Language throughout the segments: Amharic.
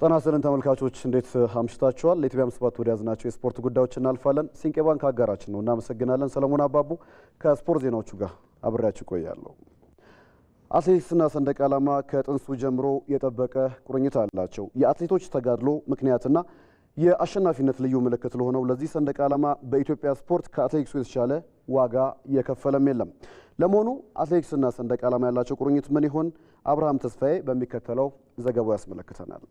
ጤና ይስጥልን ተመልካቾች እንዴት አምሽታችኋል? ለኢትዮጵያ ስፖርት ወደ ያዝናቸው የስፖርት ጉዳዮች እናልፋለን። ሲንቄ ባንክ አጋራችን ነው፣ እናመሰግናለን። ሰለሞን አባቡ ከስፖርት ዜናዎቹ ጋር አብሬያችሁ ቆያለሁ። አትሌቲክስና ሰንደቅ ዓላማ ከጥንሱ ጀምሮ የጠበቀ ቁርኝት አላቸው። የአትሌቶች ተጋድሎ ምክንያትና የአሸናፊነት ልዩ ምልክት ለሆነው ለዚህ ሰንደቅ ዓላማ በኢትዮጵያ ስፖርት ከአትሌቲክሱ የተሻለ ዋጋ የከፈለም የለም። ለመሆኑ አትሌቲክስና ሰንደቅ ዓላማ ያላቸው ቁርኝት ምን ይሆን? አብርሃም ተስፋዬ በሚከተለው ዘገባው ያስመለክተናል።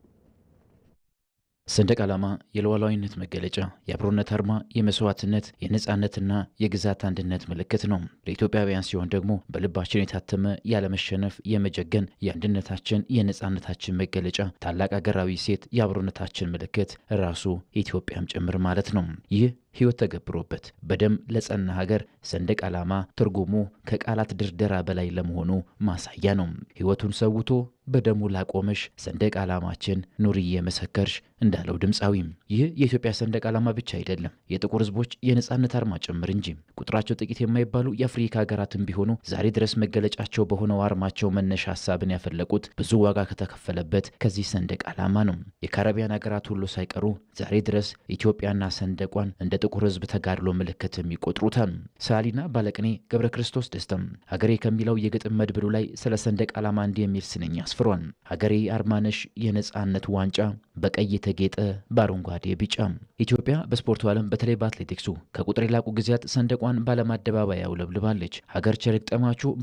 ሰንደቅ ዓላማ የሉዓላዊነት መገለጫ፣ የአብሮነት አርማ፣ የመስዋዕትነት፣ የነፃነትና የግዛት አንድነት ምልክት ነው። ለኢትዮጵያውያን ሲሆን ደግሞ በልባችን የታተመ ያለመሸነፍ፣ የመጀገን፣ የአንድነታችን፣ የነፃነታችን መገለጫ፣ ታላቅ አገራዊ ሴት፣ የአብሮነታችን ምልክት ራሱ ኢትዮጵያም ጭምር ማለት ነው። ይህ ሕይወት ተገብሮበት በደም ለጸና ሀገር ሰንደቅ ዓላማ ትርጉሙ ከቃላት ድርደራ በላይ ለመሆኑ ማሳያ ነው። ሕይወቱን ሰውቶ በደሙ ላቆመሽ ሰንደቅ ዓላማችን ኑርዬ መሰከርሽ እንዳለው ድምፃዊም ይህ የኢትዮጵያ ሰንደቅ ዓላማ ብቻ አይደለም፣ የጥቁር ህዝቦች የነፃነት አርማ ጭምር እንጂ። ቁጥራቸው ጥቂት የማይባሉ የአፍሪካ ሀገራትም ቢሆኑ ዛሬ ድረስ መገለጫቸው በሆነው አርማቸው መነሻ ሀሳብን ያፈለቁት ብዙ ዋጋ ከተከፈለበት ከዚህ ሰንደቅ ዓላማ ነው። የካረቢያን ሀገራት ሁሉ ሳይቀሩ ዛሬ ድረስ ኢትዮጵያና ሰንደቋን እንደ የጥቁር ህዝብ ተጋድሎ ምልክት የሚቆጥሩትም ሰዓሊና ባለቅኔ ገብረ ክርስቶስ ደስተም ሀገሬ ከሚለው የግጥም መድብሉ ላይ ስለ ሰንደቅ ዓላማ እንዲህ የሚል ስንኝ አስፍሯል። ሀገሬ አርማነሽ የነፃነት ዋንጫ በቀይ የተጌጠ በአረንጓዴ ቢጫ። ኢትዮጵያ በስፖርቱ ዓለም በተለይ በአትሌቲክሱ ከቁጥር የላቁ ጊዜያት ሰንደቋን በዓለም አደባባይ አውለብልባለች። ሀገር ቸር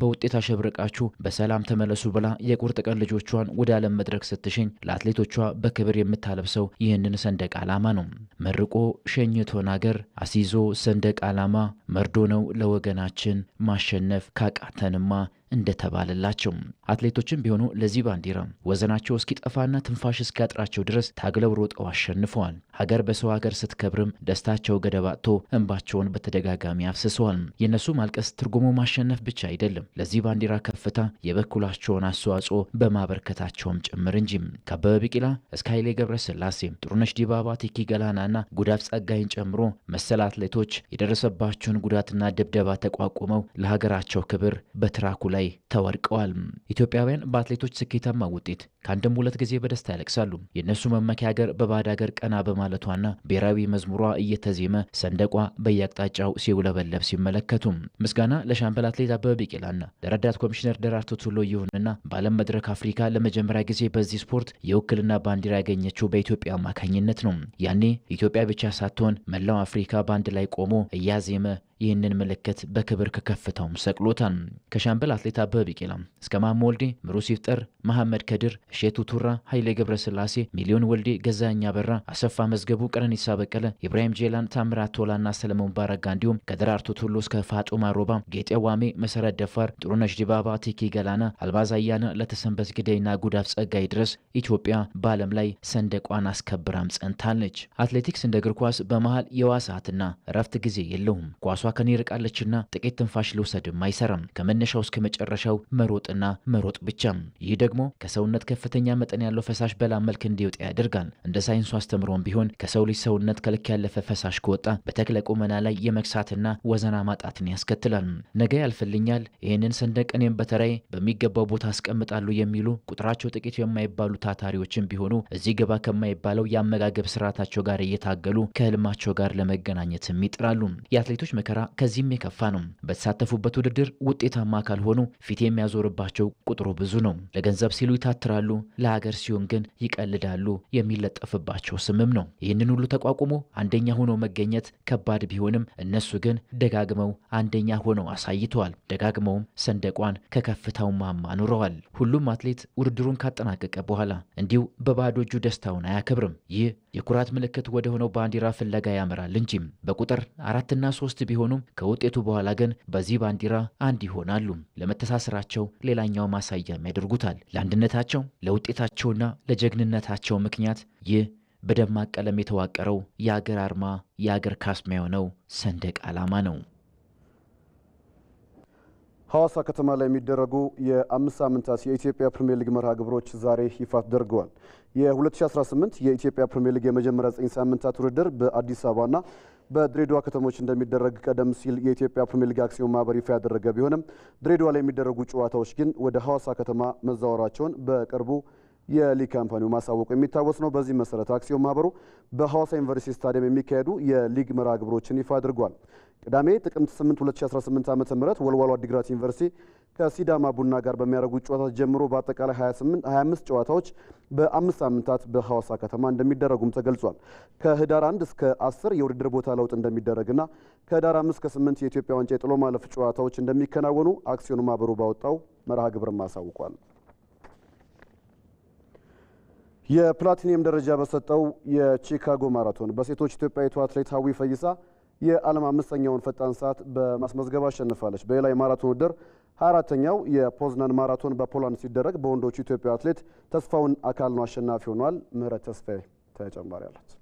በውጤት አሸብርቃችሁ በሰላም ተመለሱ ብላ የቁርጥ ቀን ልጆቿን ወደ ዓለም መድረክ ስትሸኝ ለአትሌቶቿ በክብር የምታለብሰው ይህንን ሰንደቅ ዓላማ ነው። መርቆ ሸኝቶን አገር አስይዞ ሰንደቅ ዓላማ መርዶ ነው ለወገናችን ማሸነፍ ካቃተንማ እንደተባለላቸው አትሌቶችም ቢሆኑ ለዚህ ባንዲራ ወዘናቸው እስኪጠፋና ትንፋሽ እስኪያጥራቸው ድረስ ታግለው ሮጠው አሸንፈዋል። ሀገር በሰው ሀገር ስትከብርም ደስታቸው ገደብ አጥቶ እንባቸውን በተደጋጋሚ አፍስሰዋል። የእነሱ ማልቀስ ትርጉሙ ማሸነፍ ብቻ አይደለም፣ ለዚህ ባንዲራ ከፍታ የበኩላቸውን አስተዋጽኦ በማበርከታቸውም ጭምር እንጂ ከአበበ ቢቂላ እስከ ኃይሌ ገብረስላሴ፣ ጥሩነሽ ዲባባ፣ ቲኪ ገላናና ጉዳፍ ጸጋይን ጨምሮ መሰል አትሌቶች የደረሰባቸውን ጉዳትና ድብደባ ተቋቁመው ለሀገራቸው ክብር በትራኩ ላይ ላይ ተወድቀዋል። ኢትዮጵያውያን በአትሌቶች ስኬታማ ውጤት ከአንድም ሁለት ጊዜ በደስታ ያለቅሳሉ። የእነሱ መመኪያ ሀገር በባዕድ ሀገር ቀና በማለቷና ብሔራዊ መዝሙሯ እየተዜመ ሰንደቋ በየአቅጣጫው ሲውለበለብ ሲመለከቱ ምስጋና ለሻምበል አትሌት አበበ ቢቂላና ለረዳት ኮሚሽነር ደራርቱ ቱሉ ይሁንና በዓለም መድረክ አፍሪካ ለመጀመሪያ ጊዜ በዚህ ስፖርት የውክልና ባንዲራ ያገኘችው በኢትዮጵያ አማካኝነት ነው። ያኔ ኢትዮጵያ ብቻ ሳትሆን መላው አፍሪካ በአንድ ላይ ቆሞ እያዜመ ይህንን ምልክት በክብር ከከፍታውም ሰቅሎታል። ከሻምበል አትሌት አበበ ቢቂላ እስከ ማሞ ወልዴ፣ ምሩፅ ይፍጠር፣ መሐመድ ከድር፣ እሼቱ ቱራ፣ ኃይሌ ገብረስላሴ፣ ሚሊዮን ወልዴ፣ ገዛኛ በራ አሰፋ መዝገቡ፣ ቀነኒሳ በቀለ፣ ኢብራሂም ጄላን፣ ታምራት ቶላና ሰለሞን ባረጋ እንዲሁም ከደራርቱ ቱሉ እስከ ፋጡማ ሮባ፣ ጌጤ ዋሜ፣ መሰረት ደፋር፣ ጥሩነሽ ዲባባ፣ ቲኪ ገላና፣ አልባዛ አያና፣ ለተሰንበት ግደይና ጉዳፍ ጸጋይ ድረስ ኢትዮጵያ በዓለም ላይ ሰንደቋን አስከብራም ጸንታለች። አትሌቲክስ እንደ እግር ኳስ በመሃል የዋሳትና እረፍት ጊዜ የለውም። ኳሷ ከኔ ርቃለችና ጥቂት ትንፋሽ ልውሰድም አይሰራም። ከመነሻው እስከ መጨረሻው መሮጥና መሮጥ ብቻ ይህ ደግሞ ከሰውነት ከፍተኛ መጠን ያለው ፈሳሽ በላብ መልክ እንዲወጣ ያደርጋል። እንደ ሳይንሱ አስተምሮም ቢሆን ከሰው ልጅ ሰውነት ከልክ ያለፈ ፈሳሽ ከወጣ በተክለ ቁመና ላይ የመክሳትና ወዘና ማጣትን ያስከትላል። ነገ ያልፍልኛል፣ ይህንን ሰንደቅ እኔም በተራዬ በሚገባው ቦታ አስቀምጣሉ የሚሉ ቁጥራቸው ጥቂት የማይባሉ ታታሪዎችን ቢሆኑ እዚህ ገባ ከማይባለው የአመጋገብ ስርዓታቸው ጋር እየታገሉ ከህልማቸው ጋር ለመገናኘትም ይጥራሉ። የአትሌቶች መከራ መከራ ከዚህም የከፋ ነው። በተሳተፉበት ውድድር ውጤታማ ካልሆኑ ፊት የሚያዞርባቸው ቁጥሩ ብዙ ነው። ለገንዘብ ሲሉ ይታትራሉ፣ ለሀገር ሲሆን ግን ይቀልዳሉ የሚለጠፍባቸው ስምም ነው። ይህንን ሁሉ ተቋቁሞ አንደኛ ሆኖ መገኘት ከባድ ቢሆንም እነሱ ግን ደጋግመው አንደኛ ሆነው አሳይተዋል። ደጋግመውም ሰንደቋን ከከፍታው ማማ አኑረዋል። ሁሉም አትሌት ውድድሩን ካጠናቀቀ በኋላ እንዲሁ በባዶ እጁ ደስታውን አያከብርም። ይህ የኩራት ምልክት ወደ ሆነው ባንዲራ ፍለጋ ያመራል እንጂ በቁጥር አራትና ሶስት ቢሆን ቢሆኑም ከውጤቱ በኋላ ግን በዚህ ባንዲራ አንድ ይሆናሉ። ለመተሳሰራቸው ሌላኛው ማሳያም ያደርጉታል። ለአንድነታቸው፣ ለውጤታቸውና ለጀግንነታቸው ምክንያት ይህ በደማቅ ቀለም የተዋቀረው የአገር አርማ የአገር ካስማ የሆነው ሰንደቅ ዓላማ ነው። ሐዋሳ ከተማ ላይ የሚደረጉ የአምስት ሳምንታት የኢትዮጵያ ፕሪምየር ሊግ መርሃ ግብሮች ዛሬ ይፋ ተደርገዋል። የ2018 የኢትዮጵያ ፕሪምየር ሊግ የመጀመሪያ ዘጠኝ ሳምንታት ውድድር በአዲስ አበባና በድሬዳዋ ከተሞች እንደሚደረግ ቀደም ሲል የኢትዮጵያ ፕሪሚየር ሊግ አክሲዮን ማህበር ይፋ ያደረገ ቢሆንም ድሬዳዋ ላይ የሚደረጉ ጨዋታዎች ግን ወደ ሐዋሳ ከተማ መዛወራቸውን በቅርቡ የሊግ ካምፓኒው ማሳወቁ የሚታወስ ነው። በዚህ መሰረት አክሲዮን ማህበሩ በሐዋሳ ዩኒቨርሲቲ ስታዲየም የሚካሄዱ የሊግ መርሃ ግብሮችን ይፋ አድርጓል። ቅዳሜ ጥቅምት 8 2018 ዓ ም ወልዋሎ አዲግራት ዩኒቨርሲቲ ከሲዳማ ቡና ጋር በሚያደርጉት ጨዋታ ጀምሮ በአጠቃላይ 25 ጨዋታዎች በአምስት ሳምንታት በሐዋሳ ከተማ እንደሚደረጉም ተገልጿል። ከህዳር 1 እስከ 10 የውድድር ቦታ ለውጥ እንደሚደረግና ከህዳር 5 እስከ 8 የኢትዮጵያ ዋንጫ የጥሎ ማለፍ ጨዋታዎች እንደሚከናወኑ አክሲዮን ማህበሩ ባወጣው መርሃ ግብርም አሳውቋል። የፕላቲኒየም ደረጃ በሰጠው የቺካጎ ማራቶን በሴቶች ኢትዮጵያዊቱ አትሌት ሀዊ ፈይሳ የዓለም አምስተኛውን ፈጣን ሰዓት በማስመዝገብ አሸንፋለች። በሌላ የማራቶን ውድድር 24 አራተኛው የፖዝናን ማራቶን በፖላንድ ሲደረግ በወንዶቹ ኢትዮጵያ አትሌት ተስፋውን አካል ነው አሸናፊ ሆኗል። ምህረት ተስፋዬ ተጨማሪ አላት።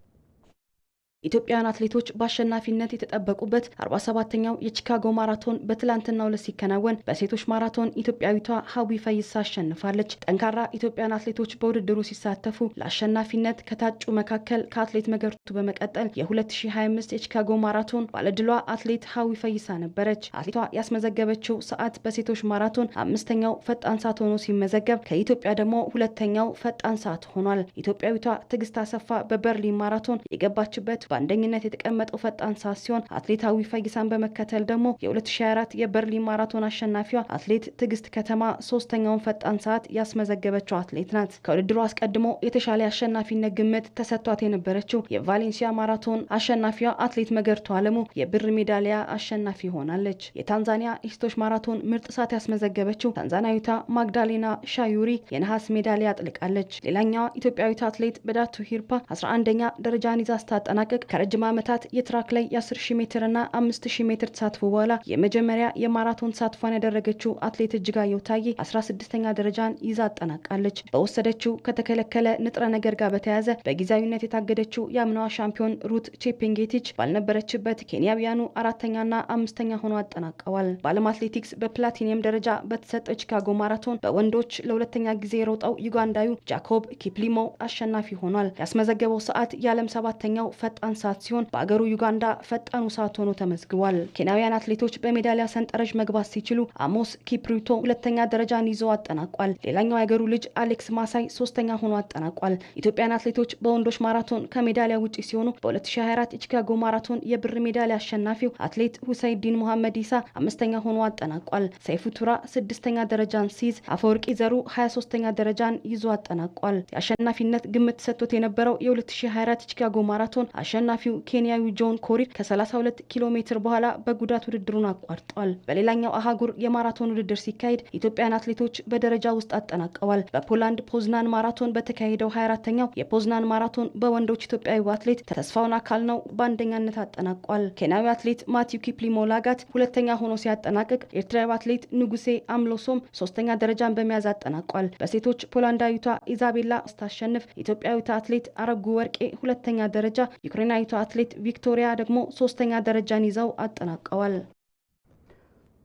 ኢትዮጵያውያን አትሌቶች በአሸናፊነት የተጠበቁበት 47ኛው የቺካጎ ማራቶን በትላንትናው ዕለት ሲከናወን በሴቶች ማራቶን ኢትዮጵያዊቷ ሀዊ ፈይሳ አሸንፋለች። ጠንካራ ኢትዮጵያውያን አትሌቶች በውድድሩ ሲሳተፉ ለአሸናፊነት ከታጩ መካከል ከአትሌት መገርቱ በመቀጠል የ2025 የቺካጎ ማራቶን ባለድሏ አትሌት ሀዊ ፈይሳ ነበረች። አትሌቷ ያስመዘገበችው ሰዓት በሴቶች ማራቶን አምስተኛው ፈጣን ሰዓት ሆኖ ሲመዘገብ ከኢትዮጵያ ደግሞ ሁለተኛው ፈጣን ሰዓት ሆኗል። ኢትዮጵያዊቷ ትዕግስት አሰፋ በበርሊን ማራቶን የገባችበት በአንደኝነት የተቀመጠው ፈጣን ሰዓት ሲሆን አትሌት አዊ ፈይሳን በመከተል ደግሞ የ2024 የበርሊን ማራቶን አሸናፊዋ አትሌት ትዕግስት ከተማ ሶስተኛውን ፈጣን ሰዓት ያስመዘገበችው አትሌት ናት። ከውድድሩ አስቀድሞ የተሻለ አሸናፊነት ግምት ተሰጥቷት የነበረችው የቫሌንሲያ ማራቶን አሸናፊዋ አትሌት መገርቱ አለሙ የብር ሜዳሊያ አሸናፊ ሆናለች። የታንዛኒያ ኢስቶች ማራቶን ምርጥ ሰዓት ያስመዘገበችው ታንዛኒያዊቷ ማግዳሌና ሻዩሪ የነሐስ ሜዳሊያ አጥልቃለች። ሌላኛዋ ኢትዮጵያዊቷ አትሌት በዳቱ ሂርፓ 11ኛ ደረጃን ይዛ ስታጠናቀቅ ከረጅም ዓመታት የትራክ ላይ የ10 ሺህ ሜትር እና 5 ሺህ ሜትር ተሳትፎ በኋላ የመጀመሪያ የማራቶን ተሳትፏን ያደረገችው አትሌት እጅጋየሁ ታዬ 16ኛ ደረጃን ይዛ አጠናቃለች። በወሰደችው ከተከለከለ ንጥረ ነገር ጋር በተያያዘ በጊዜያዊነት የታገደችው የአምናዋ ሻምፒዮን ሩት ቼፔንጌቲች ባልነበረችበት ኬንያውያኑ አራተኛና አምስተኛ ሆኖ አጠናቀዋል። በዓለም አትሌቲክስ በፕላቲኒየም ደረጃ በተሰጠው ቺካጎ ማራቶን በወንዶች ለሁለተኛ ጊዜ የሮጠው ዩጋንዳዩ ጃኮብ ኪፕሊሞ አሸናፊ ሆኗል። ያስመዘገበው ሰዓት የዓለም ሰባተኛው ፈጣን 11 ሰዓት ሲሆን በአገሩ ዩጋንዳ ፈጣኑ ሰዓት ሆኖ ተመዝግቧል። ኬንያውያን አትሌቶች በሜዳሊያ ሰንጠረዥ መግባት ሲችሉ አሞስ ኪፕሪቶ ሁለተኛ ደረጃን ይዞ አጠናቋል። ሌላኛው የአገሩ ልጅ አሌክስ ማሳይ ሶስተኛ ሆኖ አጠናቋል። ኢትዮጵያን አትሌቶች በወንዶች ማራቶን ከሜዳሊያ ውጪ ሲሆኑ በ2024 የቺካጎ ማራቶን የብር ሜዳሊያ አሸናፊው አትሌት ሁሰይዲን ሙሐመድ ኢሳ አምስተኛ ሆኖ አጠናቋል። ሰይፉ ቱራ ስድስተኛ ደረጃን ሲይዝ አፈወርቂ ዘሩ 23 ኛ ደረጃን ይዞ አጠናቋል። የአሸናፊነት ግምት ሰጥቶት የነበረው የ2024 የቺካጎ ማራቶን አሸናፊው ኬንያዊ ጆን ኮሪር ከ32 ኪሎ ሜትር በኋላ በጉዳት ውድድሩን አቋርጧል። በሌላኛው አህጉር የማራቶን ውድድር ሲካሄድ ኢትዮጵያን አትሌቶች በደረጃ ውስጥ አጠናቀዋል። በፖላንድ ፖዝናን ማራቶን በተካሄደው 24ተኛው የፖዝናን ማራቶን በወንዶች ኢትዮጵያዊ አትሌት ተስፋውን አካል ነው በአንደኛነት አጠናቋል። ኬንያዊ አትሌት ማቲው ኪፕሊሞ ላጋት ሁለተኛ ሆኖ ሲያጠናቅቅ ኤርትራዊ አትሌት ንጉሴ አምሎሶም ሶስተኛ ደረጃን በመያዝ አጠናቋል። በሴቶች ፖላንዳዊቷ ኢዛቤላ ስታሸንፍ ኢትዮጵያዊቷ አትሌት አረጉ ወርቄ ሁለተኛ ደረጃ ዩክሬናዊቷ አትሌት ቪክቶሪያ ደግሞ ሶስተኛ ደረጃን ይዘው አጠናቀዋል።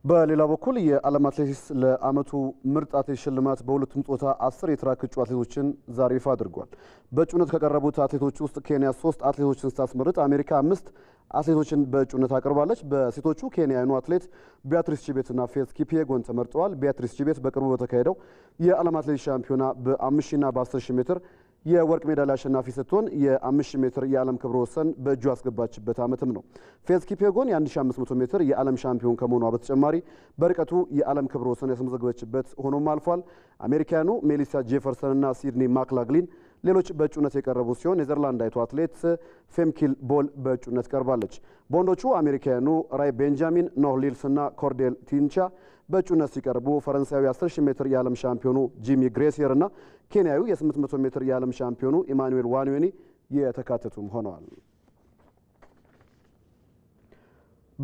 በሌላ በኩል የዓለም አትሌቲክስ ለዓመቱ ምርጥ አትሌት ሽልማት በሁለቱም ጾታ አስር የትራክ እጩ አትሌቶችን ዛሬ ይፋ አድርጓል። በእጩነት ከቀረቡት አትሌቶች ውስጥ ኬንያ ሶስት አትሌቶችን ስታስመርጥ አሜሪካ አምስት አትሌቶችን በእጩነት አቅርባለች። በሴቶቹ ኬንያውያኑ አትሌት ቢያትሪስ ቺቤትና ፌዝ ኪፒየጎን ተመርጠዋል። ቢያትሪስ ቺቤት በቅርቡ በተካሄደው የዓለም አትሌቲክስ ሻምፒዮና በ5000ና በ10000 ሜትር የወርቅ ሜዳሊያ አሸናፊ ስትሆን የ5000 ሜትር የዓለም ክብረ ወሰን በእጁ ያስገባችበት ዓመትም ነው። ፌዝ ኪፔጎን የ1500 ሜትር የዓለም ሻምፒዮን ከመሆኗ በተጨማሪ በርቀቱ የዓለም ክብረ ወሰን ያስመዘገበችበት ሆኖም አልፏል። አሜሪካኑ ሜሊሳ ጄፈርሰን እና ሲድኒ ማክላግሊን ሌሎች በእጩነት የቀረቡ ሲሆን ኔዘርላንዳዊቱ አትሌት ፌምኪል ቦል በእጩነት ቀርባለች። በወንዶቹ አሜሪካውያኑ ራይ ቤንጃሚን፣ ኖህ ሊልስ እና ኮርዴል ቲንቻ በእጩነት ሲቀርቡ ፈረንሳዊ 10000 ሜትር የዓለም ሻምፒዮኑ ጂሚ ግሬሲየር እና ኬንያዊ የ800 ሜትር የዓለም ሻምፒዮኑ ኢማኑኤል ዋንዌኒ የተካተቱም ሆነዋል።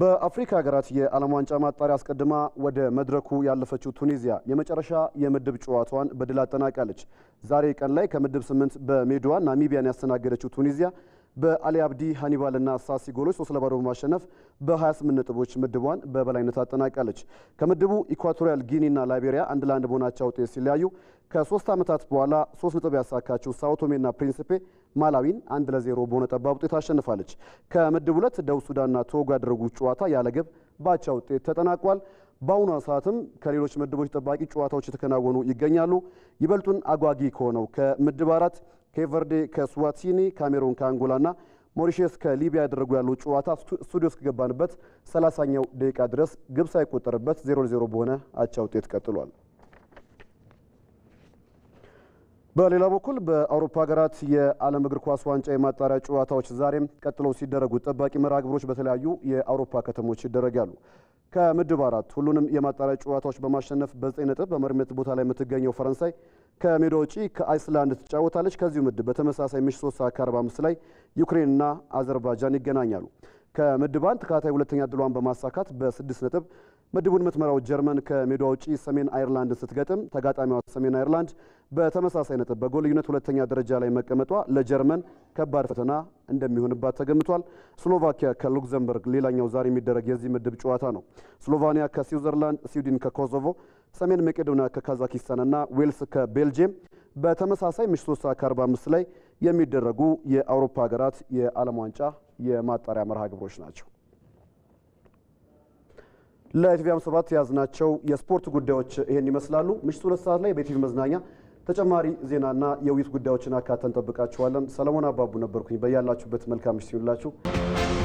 በአፍሪካ ሀገራት የዓለም ዋንጫ ማጣሪያ አስቀድማ ወደ መድረኩ ያለፈችው ቱኒዚያ የመጨረሻ የምድብ ጨዋታዋን በድል አጠናቃለች። ዛሬ ቀን ላይ ከምድብ ስምንት በሜዳዋ ናሚቢያን ያስተናገደችው ቱኒዚያ በአሊ አብዲ ሃኒባልና ሳሲ ጎሎች ሶስት ለባዶ በማሸነፍ በ28 ነጥቦች ምድቧን በበላይነት አጠናቃለች። ከምድቡ ኢኳቶሪያል ጊኒና ላይቤሪያ አንድ ለአንድ በሆናቸው ውጤት ሲለያዩ ከሶስት ዓመታት በኋላ ሶስት ነጥብ ያሳካችው ሳውቶሜና ፕሪንስፔ ማላዊን አንድ ለዜሮ በሆነ ጠባብ ውጤት አሸንፋለች። ከምድብ ሁለት ደቡብ ሱዳንና ቶጎ ያደረጉት ጨዋታ ያለ ግብ ባቻ ውጤት ተጠናቋል። በአሁኗ ሰዓትም ከሌሎች ምድቦች ጠባቂ ጨዋታዎች የተከናወኑ ይገኛሉ። ይበልጡን አጓጊ ከሆነው ከምድብ አራት ከኤቨርዴ ከስዋቲኒ፣ ካሜሮን ከአንጎላና ሞሪሽስ ከሊቢያ ያደረጉ ያሉ ጨዋታ ስቱዲዮ እስከገባንበት 30ኛው ደቂቃ ድረስ ግብ ሳይቆጠርበት 0 ለ0 በሆነ አቻ ውጤት ቀጥሏል። በሌላ በኩል በአውሮፓ ሀገራት የዓለም እግር ኳስ ዋንጫ የማጣሪያ ጨዋታዎች ዛሬም ቀጥለው ሲደረጉ ጠባቂ መርሃ ግብሮች በተለያዩ የአውሮፓ ከተሞች ይደረጋሉ። ከምድብ አራት ሁሉንም የማጣሪያ ጨዋታዎች በማሸነፍ በዘጠኝ ነጥብ በመሪነት ቦታ ላይ የምትገኘው ፈረንሳይ ከሜዳ ውጪ ከአይስላንድ ትጫወታለች። ከዚሁ ምድብ በተመሳሳይ ምሽት 3 ሰዓት 45 ላይ ዩክሬንና አዘርባይጃን ይገናኛሉ። ከምድብ አንድ ተካታይ ሁለተኛ ድሏን በማሳካት በስድስት ነጥብ ምድቡን የምትመራው ጀርመን ከሜዳ ውጪ ሰሜን አይርላንድን ስትገጥም ተጋጣሚዋ ሰሜን አይርላንድ በተመሳሳይ ነጥብ በጎል ልዩነት ሁለተኛ ደረጃ ላይ መቀመጧ ለጀርመን ከባድ ፈተና እንደሚሆንባት ተገምቷል። ስሎቫኪያ ከሉክዘምበርግ ሌላኛው ዛሬ የሚደረግ የዚህ ምድብ ጨዋታ ነው። ስሎቫኒያ ከስዊዘርላንድ፣ ስዊድን ከኮሶቮ፣ ሰሜን መቄዶንያ ከካዛኪስታን ዌልስ ከቤልጅየም በተመሳሳይ ምሽት 3 ከ45 ላይ የሚደረጉ የአውሮፓ ሀገራት የዓለም ዋንጫ የማጣሪያ መርሃ ግብሮች ናቸው። ለኢቲቪ ሰባት የያዝናቸው የስፖርት ጉዳዮች ይህን ይመስላሉ። ምሽቱ ሁለት ሰዓት ላይ በኢቲቪ መዝናኛ ተጨማሪ ዜናና የውይይት ጉዳዮችን አካተን እንጠብቃችኋለን። ሰለሞን አባቡ ነበርኩኝ። በያላችሁበት መልካም ምሽት ይሁንላችሁ።